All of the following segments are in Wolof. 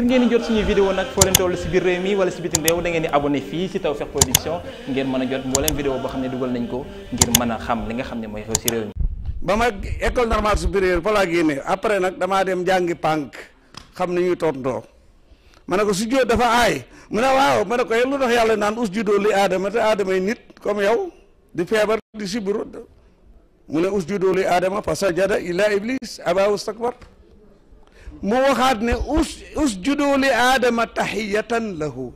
ngir ngeen di jot suñuy vidéo nag foo leen toll si biir réew mi wala si bitim réew da ngeen si Tawfekh Production ngeen mën a jot mbooleem vidéo boo xam ne li nga xam ne mooy xew si réew mi ba ma école normale supérieure fa laa génnee après nag damaa dem jàngi pànk xam ni ñuy tontoo ma ne ko si jóot dafa aay mu ne waaw ma na ko lu tax yàlla naan us judoo li aadama te aadama yi nit comme yow di feebar di siburu mu ne us judoo li aadama fa sajada illa iblis aba wastakbar mu waxaat ne us usjudu li aadama tahiyatan lahu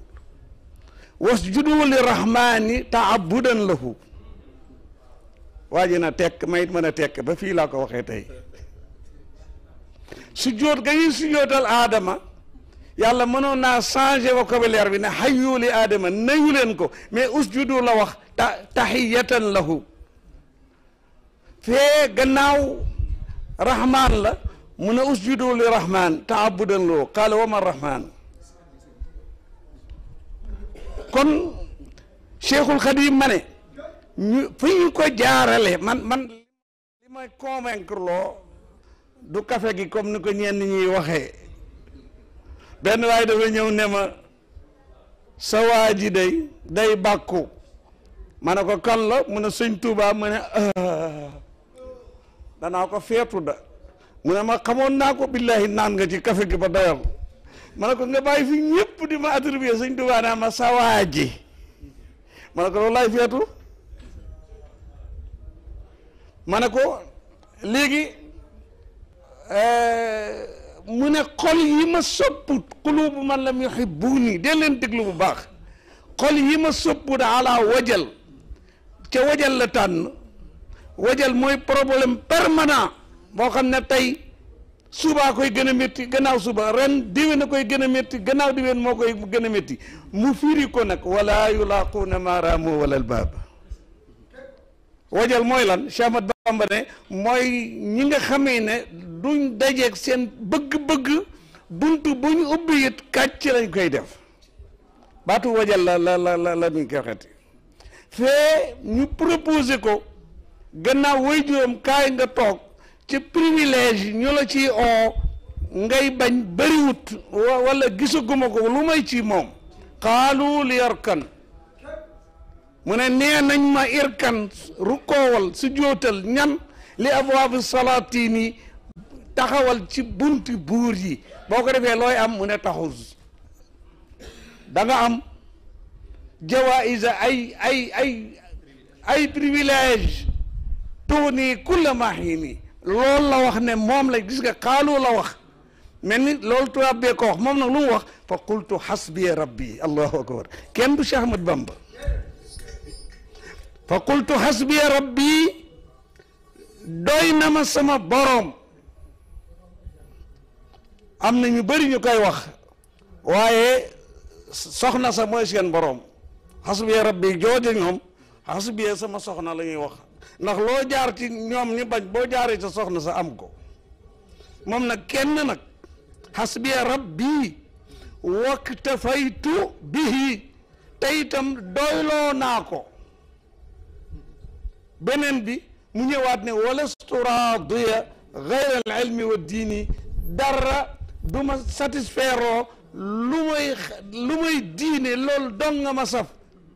wasjudu li rahmaani taabudan lahu waa ji na tekk mayit mën a tekk ba fii laa ko waxee tey sujjóot ga ñuy sujjóotal aadama yàlla mënoon naa changé vocabulaire bi ne hayyu li aadama nayu leen ko mais usjudu la wax ta lahu fee gannaaw rahmaan la mu ne usjudu li rahman taabudan loo qaala wa ma kon cheikhul xadim ma ne ñu fi ñu ko jaarale man man li ma convaincre loo du kafe gi comme ni ko ñenn ñuy waxee benn waaye dafa ñëw ne ma sa waa ji day day bàkku ma ne ko kan la mu ne sëñ Tuubaa mu ne ah. danaa ko feetu da mu ne ma xamoon naa ko billahi naan nga ji kafe gi ba doyal ma ne ko nga bàyyi fi ñëpp di ma attribué sëñ Tuubaa naa ma sawaa ji ma ne ko loolu laay feetu ma ne ko léegi eh, mu ne xol yi ma sopput xulubu man lam yuhibbuuni dee leen déglu bu baax xol yi ma sopput ala wajal ca wajal la tànn wajal mooy problème permanent boo xam ne tey subaa koy gën a métti gannaaw suba ren diwén a koy gën a métti gannaaw diwén moo koy gën a métti mu firi ko nag wala yulaaquuna maaraamu wala albaab wajal mooy lan Cheikh Ahmad ne mooy ñi nga xamee ne duñ dajeeg seen bëgg-bëgg buntu buñ ubbi it kàcc lañ koy def baatu wajal la la la la la mi koy waxeeti fee ñu proposé ko gannaaw way juróom kaay nga toog ci privilège ñu la ciy oo ngay bañ bëriwut wala gisaguma ko lu may ci moom xaalu li yarkan mu ne nee nañ ma irkan rukkoowal su jóotal ñan li abwaabi salaatiin yi taxawal ci bunti buur yi boo ko defee looy am mu ne taxus da nga am jawaïsa ay ay ay ay privilège tuuni kulla mahini loolu la wax ne moom la gis nga xaalu la wax mel ni loolu tubaab bee ko wax moom nag lu wax fa qultu xasbiya rabbi allahu akbar kenn du Cheikh Ahmad Bamba fa qultu xasbiya rabbi doy na ma sama boroom am na ñu bëri ñu koy wax waaye soxna sa mooy seen boroom xasbiya rabbi jooju ñoom xasu biyee sama soxna la ñuy wax ndax loo jaar ci ñoom ñu bañ boo jaaree sa soxna sa am ko moom nag kenn nag xas biyee rabbi waktafaytu bihi te itam doyloo naa ko beneen bi mu ñëwaat ne walastu raadiya gayra al ilmi wa diini dara du ma satisfaire lu may lu diine loolu dong nga ma saf